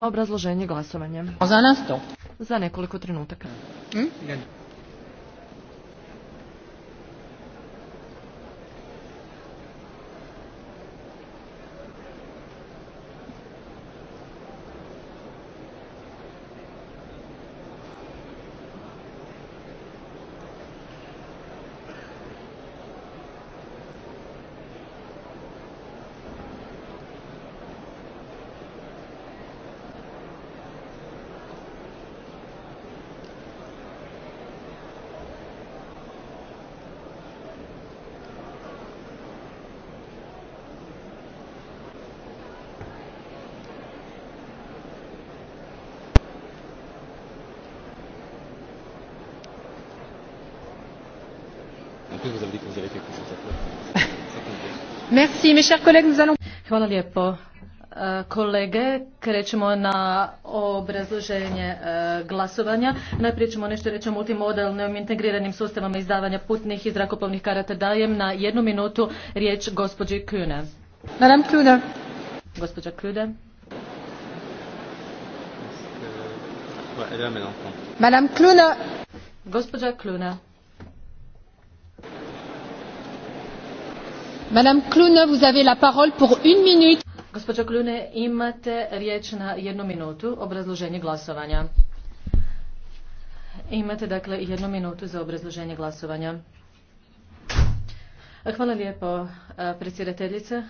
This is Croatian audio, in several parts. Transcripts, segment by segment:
Obrazloženje glasovanja. Za nas to. Za nekoliko trenutaka. Hm? Hvala lijepo. E, kolege, krećemo na obrazloženje e, glasovanja. Najprije ćemo nešto reći o multimodalnim integriranim sustavama izdavanja putnih i zrakoplovnih karata. Dajem na jednu minutu riječ gospođi Kune. Madame Gospođa Kljuna. Madame Gospođa Madame Klune, imate riječ na jednu minutu, obrazloženje glasovanja. Imate dakle jednu minutu za obrazloženje glasovanja. Hvala lijepo e, predsjedateljice.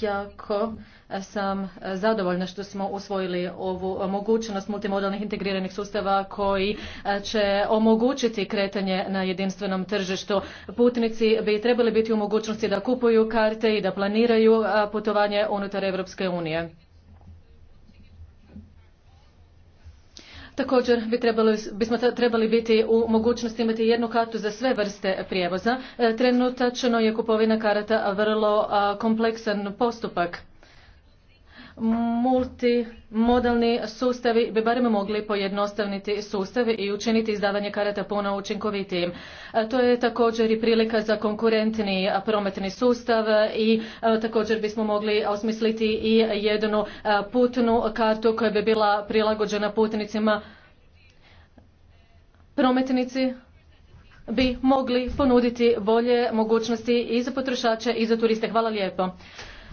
Jako sam zadovoljna što smo usvojili ovu mogućnost multimodalnih integriranih sustava koji e, će omogućiti kretanje na jedinstvenom tržištu. Putnici bi trebali biti u mogućnosti da kupuju karte i da planiraju e, putovanje unutar Europske unije. Također bi bismo trebali biti u mogućnosti imati jednu kartu za sve vrste prijevoza. E, trenutačno je kupovina karata vrlo kompleksan postupak multimodalni sustavi bi barem mogli pojednostavniti sustav i učiniti izdavanje karata puno učinkovitijim. To je također i prilika za konkurentni prometni sustav i također bismo mogli osmisliti i jednu putnu kartu koja bi bila prilagođena putnicima. Prometnici bi mogli ponuditi bolje mogućnosti i za potrošače i za turiste. Hvala lijepo.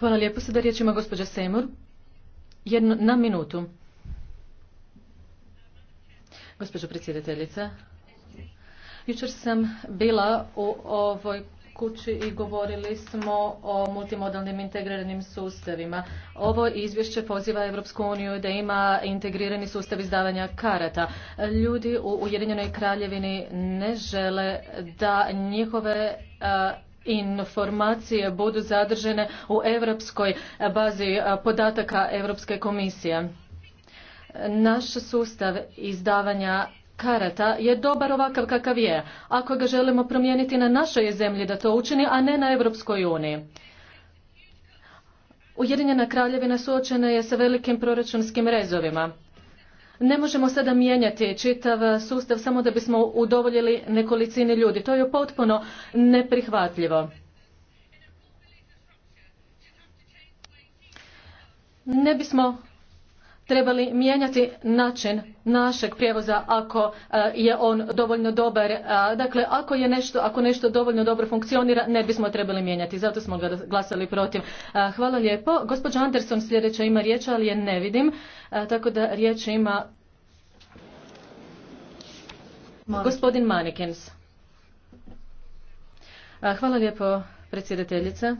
Hvala lijepo. Sada riječ ima gospođa Sejmur. Jedno, na minutu. Gospođo predsjedateljica, jučer sam bila u ovoj kući i govorili smo o multimodalnim integriranim sustavima. Ovo izvješće poziva Europsku uniju da ima integrirani sustav izdavanja karata. Ljudi u Ujedinjenoj kraljevini ne žele da njihove informacije budu zadržene u europskoj bazi e, podataka Europske komisije. Naš sustav izdavanja karata je dobar ovakav kakav je, ako ga želimo promijeniti na našoj zemlji da to učini, a ne na Europskoj uniji. Ujedinjena kraljevina suočena je sa velikim proračunskim rezovima. Ne možemo sada mijenjati čitav sustav samo da bismo udovoljili nekolicini ljudi. To je potpuno neprihvatljivo. Ne bismo trebali mijenjati način našeg prijevoza ako e, je on dovoljno dobar. E, dakle, ako je nešto, ako nešto dovoljno dobro funkcionira, ne bismo trebali mijenjati. Zato smo glasali protiv. E, hvala lijepo. Gospođa Anderson sljedeća ima riječ, ali je ne vidim. Tako da riječ ima gospodin Manikins. Hvala lijepo, predsjedateljice.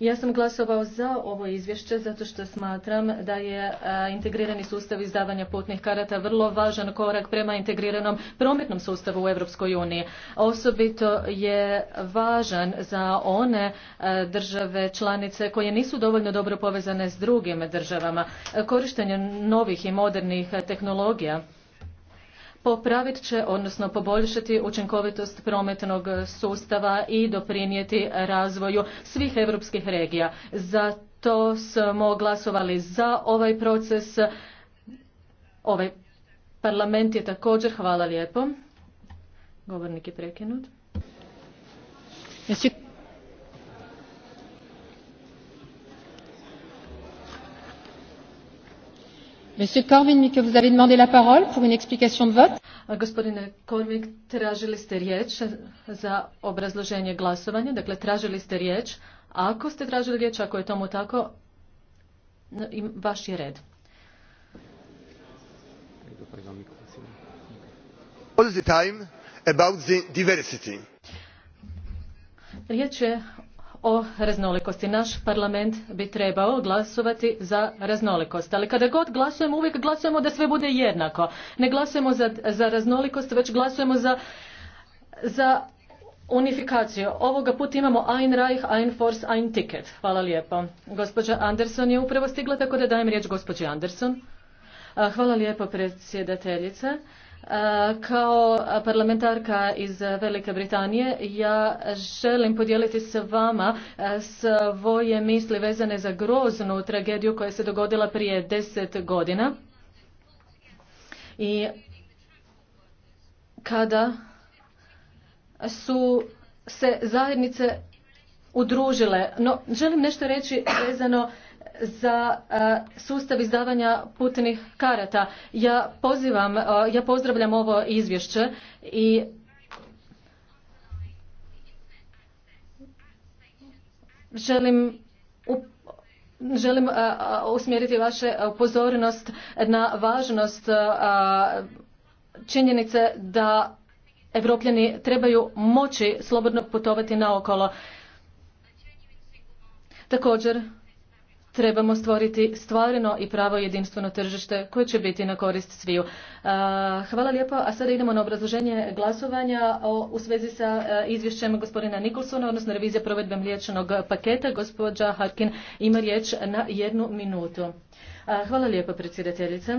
Ja sam glasovao za ovo izvješće zato što smatram da je e, integrirani sustav izdavanja putnih karata vrlo važan korak prema integriranom prometnom sustavu u Europskoj uniji. Osobito je važan za one e, države članice koje nisu dovoljno dobro povezane s drugim državama. E, korištenje novih i modernih tehnologija popravit će, odnosno poboljšati učinkovitost prometnog sustava i doprinijeti razvoju svih europskih regija. Zato smo glasovali za ovaj proces. Ovaj parlament je također, hvala lijepo. Govornik je prekinut. Gospodine Korvin, tražili ste riječ za obrazloženje glasovanja. Dakle, tražili ste riječ. Ako ste tražili riječ, ako je tomu tako, vaš je red. Riječ je o raznolikosti. Naš parlament bi trebao glasovati za raznolikost. Ali kada god glasujemo, uvijek glasujemo da sve bude jednako. Ne glasujemo za, za raznolikost, već glasujemo za, za unifikaciju. Ovoga puta imamo Ein Reich, Ein Force, Ein Ticket. Hvala lijepo. Gospođa Anderson je upravo stigla, tako da dajem riječ gospođi Anderson. Hvala lijepo predsjedateljice. Eh, kao parlamentarka iz Velike Britanije ja želim podijeliti s vama eh, svoje misli vezane za groznu tragediju koja se dogodila prije deset godina. I kada su se zajednice udružile. No, želim nešto reći vezano za e, sustav izdavanja putnih karata. Ja pozivam, e, ja pozdravljam ovo izvješće i želim želim e, usmjeriti vaše pozornost na važnost činjenice da Evropljani trebaju moći slobodno putovati naokolo. Također, trebamo stvoriti stvarno i pravo jedinstveno tržište koje će biti na korist sviju. Hvala lijepo, a sada idemo na obrazloženje glasovanja u svezi sa e, izvješćem gospodina Nikolsona, odnosno revizija provedbe mliječnog paketa. Gospođa Harkin ima riječ na jednu minutu. Hvala lijepo, predsjedateljice.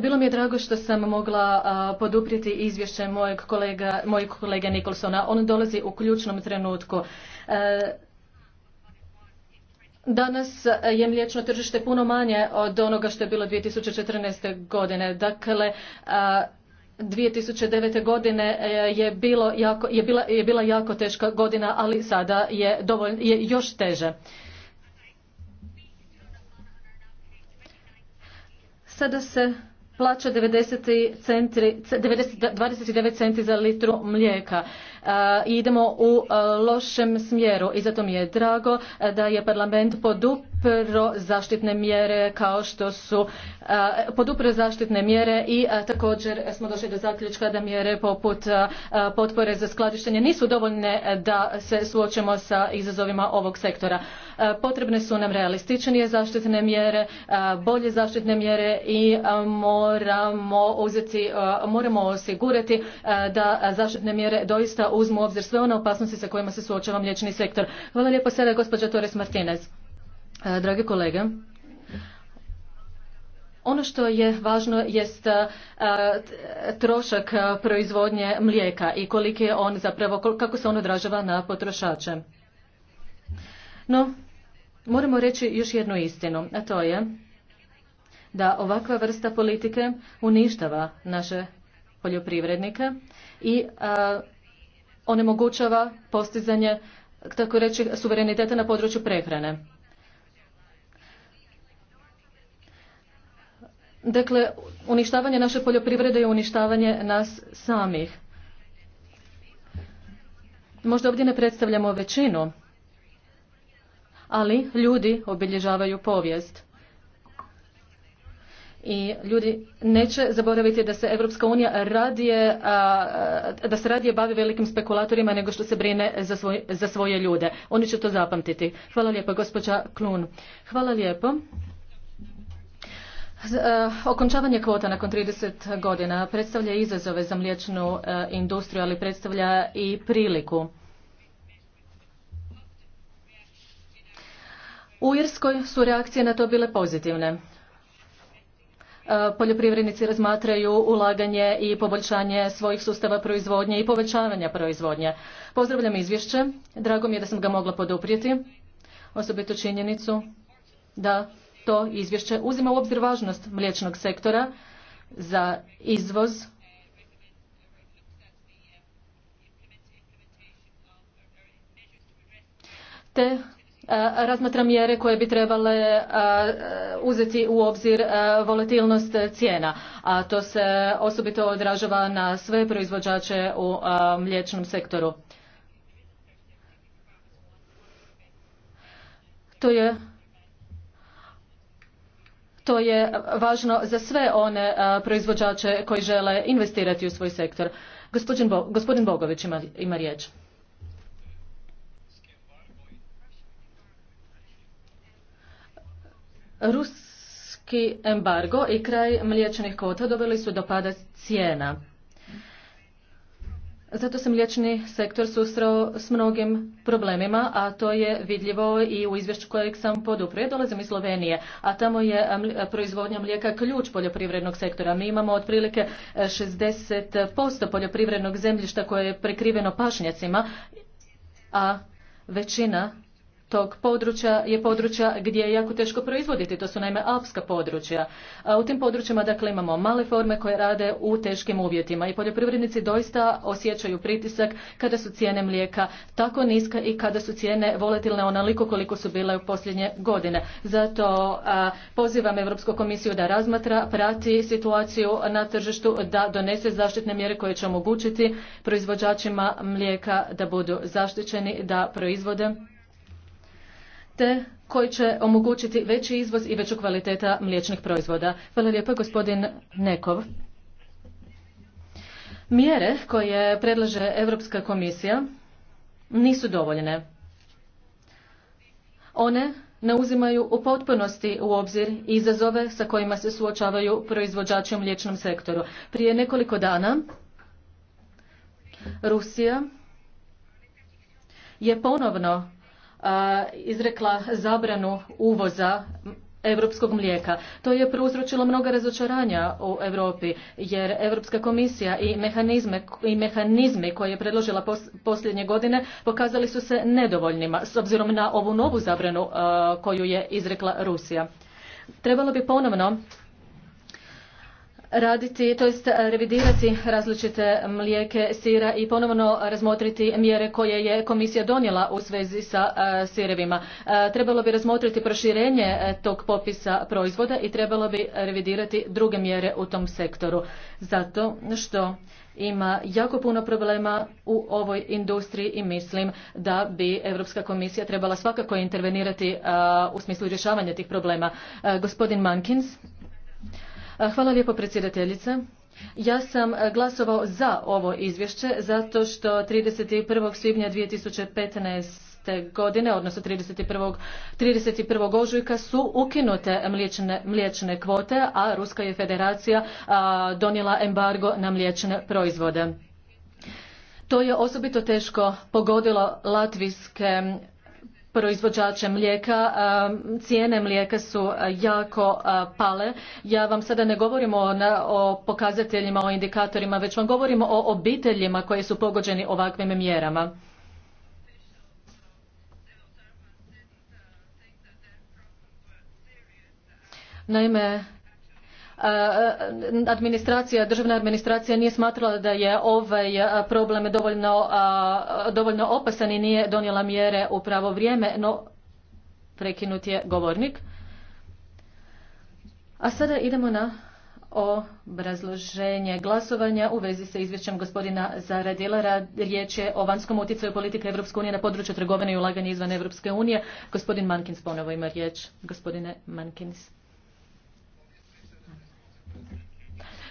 Bilo mi je drago što sam mogla poduprijeti izvješće mojeg kolega, mojeg kolega Nikolsona. On dolazi u ključnom trenutku. E, Danas e, je mliječno tržište puno manje od onoga što je bilo 2014. godine. Dakle, 2009. E, godine e, je, bilo jako, je, bila, je bila jako teška godina, ali sada je, dovoljno je još teže. Sada se plaća 90 centri, 90, 29 centi za litru mlijeka. E, I idemo u e, lošem smjeru i zato mi je drago e, da je parlament podup zaštitne mjere kao što su podupro zaštitne mjere i također smo došli do zaključka da mjere poput potpore za skladištenje nisu dovoljne da se suočimo sa izazovima ovog sektora. Potrebne su nam realističnije zaštitne mjere, bolje zaštitne mjere i moramo uzeti, moramo osigurati da zaštitne mjere doista uzmu u obzir sve one opasnosti sa kojima se suočava mliječni sektor. Hvala lijepo sada gospođa Torres Martinez. E, drage kolege, ono što je važno jest e, trošak e, proizvodnje mlijeka i koliki je on zapravo, kako se on odražava na potrošače. No, moramo reći još jednu istinu, a to je da ovakva vrsta politike uništava naše poljoprivrednike i onemogućava postizanje tako reći suvereniteta na području prehrane. Dakle, uništavanje naše poljoprivrede je uništavanje nas samih. Možda ovdje ne predstavljamo većinu, ali ljudi obilježavaju povijest. I ljudi neće zaboraviti da se Europska unija radije, da se radije bavi velikim spekulatorima nego što se brine za, za svoje ljude. Oni će to zapamtiti. Hvala lijepo, gospođa Klun. Hvala lijepo. E, okončavanje kvota nakon 30 godina predstavlja izazove za mliječnu e, industriju, ali predstavlja i priliku. U Irskoj su reakcije na to bile pozitivne. E, poljoprivrednici razmatraju ulaganje i poboljšanje svojih sustava proizvodnje i povećavanja proizvodnje. Pozdravljam izvješće, drago mi je da sam ga mogla poduprijeti, osobito činjenicu da to izvješće uzima u obzir važnost mliječnog sektora za izvoz te e, razmatra mjere koje bi trebale e, uzeti u obzir e, volatilnost cijena, a to se osobito odražava na sve proizvođače u mliječnom sektoru. To je to je važno za sve one proizvođače koji žele investirati u svoj sektor. Gospodin, Bogović ima, ima riječ. Ruski embargo i kraj mliječnih kvota doveli su do pada cijena. Zato se mliječni sektor susreo s mnogim problemima, a to je vidljivo i u izvješću kojeg sam Ja Dolazim iz Slovenije, a tamo je proizvodnja mlijeka ključ poljoprivrednog sektora. Mi imamo otprilike 60% e, poljoprivrednog zemljišta koje je prekriveno pašnjacima, a većina tog područja je područja gdje je jako teško proizvoditi, to su naime alpska područja. A u tim područjima dakle imamo male forme koje rade u teškim uvjetima i poljoprivrednici doista osjećaju pritisak kada su cijene mlijeka tako niska i kada su cijene volatilne onoliko koliko su bile u posljednje godine. Zato pozivam Europsku komisiju da razmatra, prati situaciju na tržištu, da donese zaštitne mjere koje će omogućiti proizvođačima mlijeka da budu zaštićeni, da proizvode koji će omogućiti veći izvoz i veću kvaliteta mliječnih proizvoda. Hvala lijepo, gospodin Nekov. Mjere koje predlaže Europska komisija nisu dovoljne. One ne uzimaju u potpunosti u obzir izazove sa kojima se suočavaju proizvođači u mliječnom sektoru. Prije nekoliko dana Rusija je ponovno izrekla zabranu uvoza europskog mlijeka. To je prouzročilo mnoga razočaranja u Europi jer Europska komisija i mehanizme i mehanizmi koje je predložila posljednje godine pokazali su se nedovoljnima s obzirom na ovu novu zabranu koju je izrekla Rusija. Trebalo bi ponovno raditi, to jest e, revidirati različite mlijeke sira i ponovno razmotriti mjere koje je komisija donijela u svezi sa e, sirevima. E, trebalo bi razmotriti proširenje tog popisa proizvoda i trebalo bi revidirati druge mjere u tom sektoru. Zato što ima jako puno problema u ovoj industriji i mislim da bi Europska komisija trebala svakako intervenirati u smislu rješavanja tih problema. Gospodin Mankins. Hvala lijepo predsjedateljice. Ja sam glasovao za ovo izvješće zato što 31. svibnja 2015. godine, odnosno 31. 31. ožujka su ukinute mliječne, kvote, a Ruska je federacija donijela embargo na mliječne proizvode. To je osobito teško pogodilo latvijske proizvođače mlijeka. Cijene mlijeka su jako pale. Ja vam sada ne govorim o, pokazateljima, o indikatorima, već vam govorim o obiteljima koji su pogođeni ovakvim mjerama. Naime, Eh, administracija, državna administracija nije smatrala da je ovaj eh, problem dovoljno, eh, dovoljno opasan i nije donijela mjere u pravo vrijeme, no prekinut je govornik. A sada idemo na obrazloženje glasovanja u vezi sa izvješćem gospodina za Riječ je o vanjskom utjecaju politike Europske unije na području trgovine i ulaganja izvan Europske unije. Gospodin Mankins ponovo ima riječ. Gospodine Mankins.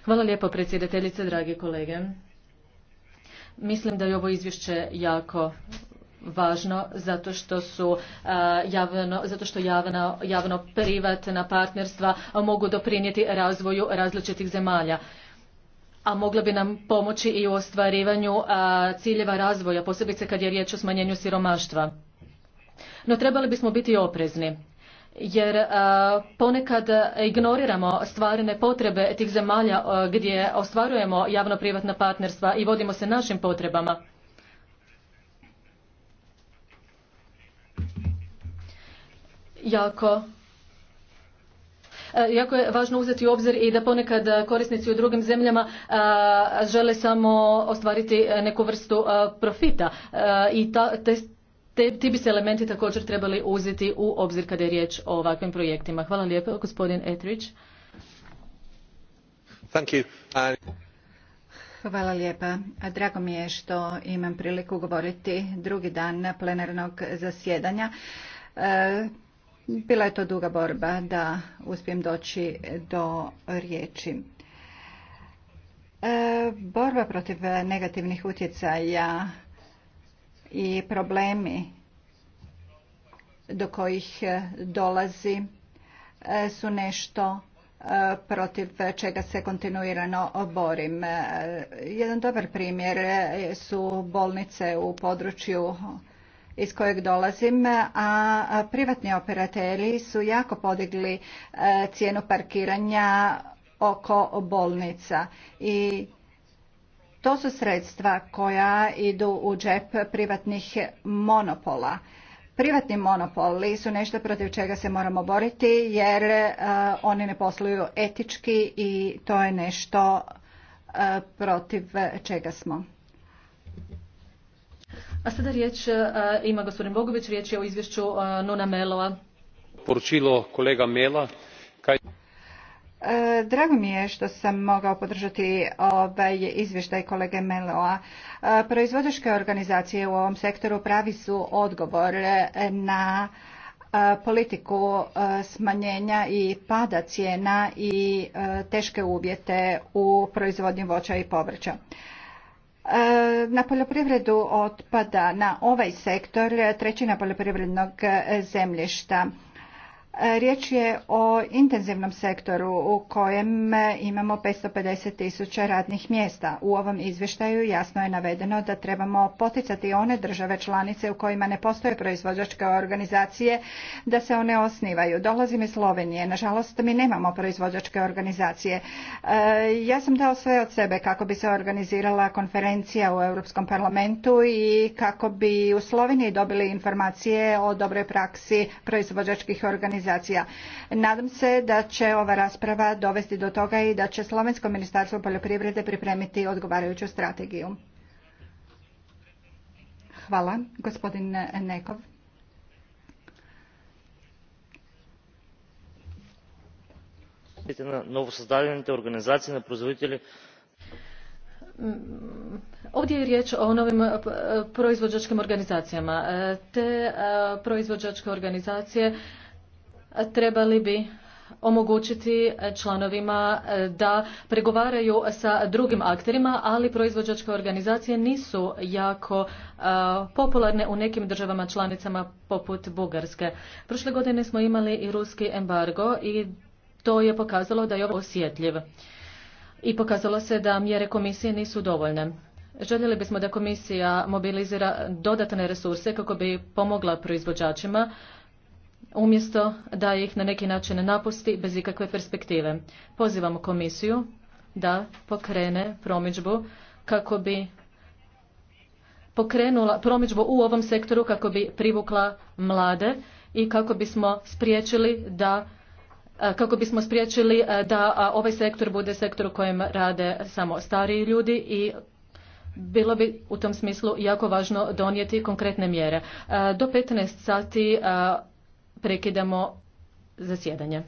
Hvala lijepo predsjedateljice, dragi kolege. Mislim da je ovo izvješće jako važno zato što su javno, zato što javno, javno privatna partnerstva mogu doprinijeti razvoju različitih zemalja a mogla bi nam pomoći i u ostvarivanju ciljeva razvoja, posebice kad je riječ o smanjenju siromaštva. No trebali bismo biti oprezni jer e, ponekad ignoriramo stvarne potrebe tih zemalja e, gdje ostvarujemo javno-privatna partnerstva i vodimo se našim potrebama. Jako e, jako je važno uzeti u obzir i da ponekad korisnici u drugim zemljama žele samo ostvariti neku vrstu profita i ta, te te, ti bi se elementi također trebali uzeti u obzir kada je riječ o ovakvim projektima. Hvala lijepo, gospodin Etrić. Thank you. Uh, Hvala lijepa. Drago mi je što imam priliku govoriti drugi dan plenarnog zasjedanja. Uh, bila je to duga borba da uspijem doći do riječi. Uh, borba protiv negativnih utjecaja i problemi do kojih e, dolazi e, su nešto e, protiv čega se kontinuirano borim. Jedan dobar primjer su bolnice u području iz kojeg dolazim, a privatni operateri su jako podigli cijenu parkiranja oko bolnica i to su sredstva koja idu u džep privatnih monopola. Privatni monopoli su nešto protiv čega se moramo boriti jer e, oni ne posluju etički i to je nešto e, protiv čega smo. A sada riječ e, ima gospodin Bogović, riječ je o izvješću Nuna Melova. Poručilo kolega Mela E, drago mi je što sam mogao podržati ovaj izvještaj kolege Meloa. E, proizvođačke organizacije u ovom sektoru pravi su odgovor na e, politiku smanjenja i pada cijena i teške uvjete u proizvodnji voća i povrća. Na poljoprivredu otpada na ovaj sektor trećina poljoprivrednog zemljišta. Riječ je o intenzivnom sektoru u kojem imamo 550 tisuća radnih mjesta. U ovom izvještaju jasno je navedeno da trebamo poticati one države članice u kojima ne postoje proizvođačke organizacije da se one osnivaju. Dolazim iz Slovenije. Nažalost, mi nemamo proizvođačke organizacije. E, ja sam dao sve od sebe kako bi se organizirala konferencija u Europskom parlamentu i kako bi u Sloveniji dobili informacije o dobroj praksi proizvođačkih organizacija organizacija. Nadam se da će ova rasprava dovesti do toga i da će Slovensko ministarstvo poljoprivrede pripremiti odgovarajuću strategiju. Hvala. Gospodin Nekov. на Ovdje je riječ o novim eh, proizvođačkim organizacijama. Eh, te eh, proizvođačke organizacije trebali bi omogućiti članovima e, da pregovaraju sa drugim akterima, ali proizvođačke organizacije nisu jako e, popularne u nekim državama članicama poput Bugarske. Prošle godine smo imali i ruski embargo i to je pokazalo da je ovo osjetljiv. I pokazalo se da mjere komisije nisu dovoljne. Željeli bismo da komisija mobilizira dodatne resurse kako bi pomogla proizvođačima umjesto da ih na neki način napusti bez ikakve perspektive. Pozivamo komisiju da pokrene promičbu kako bi pokrenula promičbu u ovom sektoru kako bi privukla mlade i kako bismo spriječili da e, kako bismo spriječili e, da ovaj sektor bude sektor u kojem rade samo stariji ljudi i bilo bi u tom smislu jako važno donijeti konkretne mjere. E, do 15 sati prekidamo zasjedanje.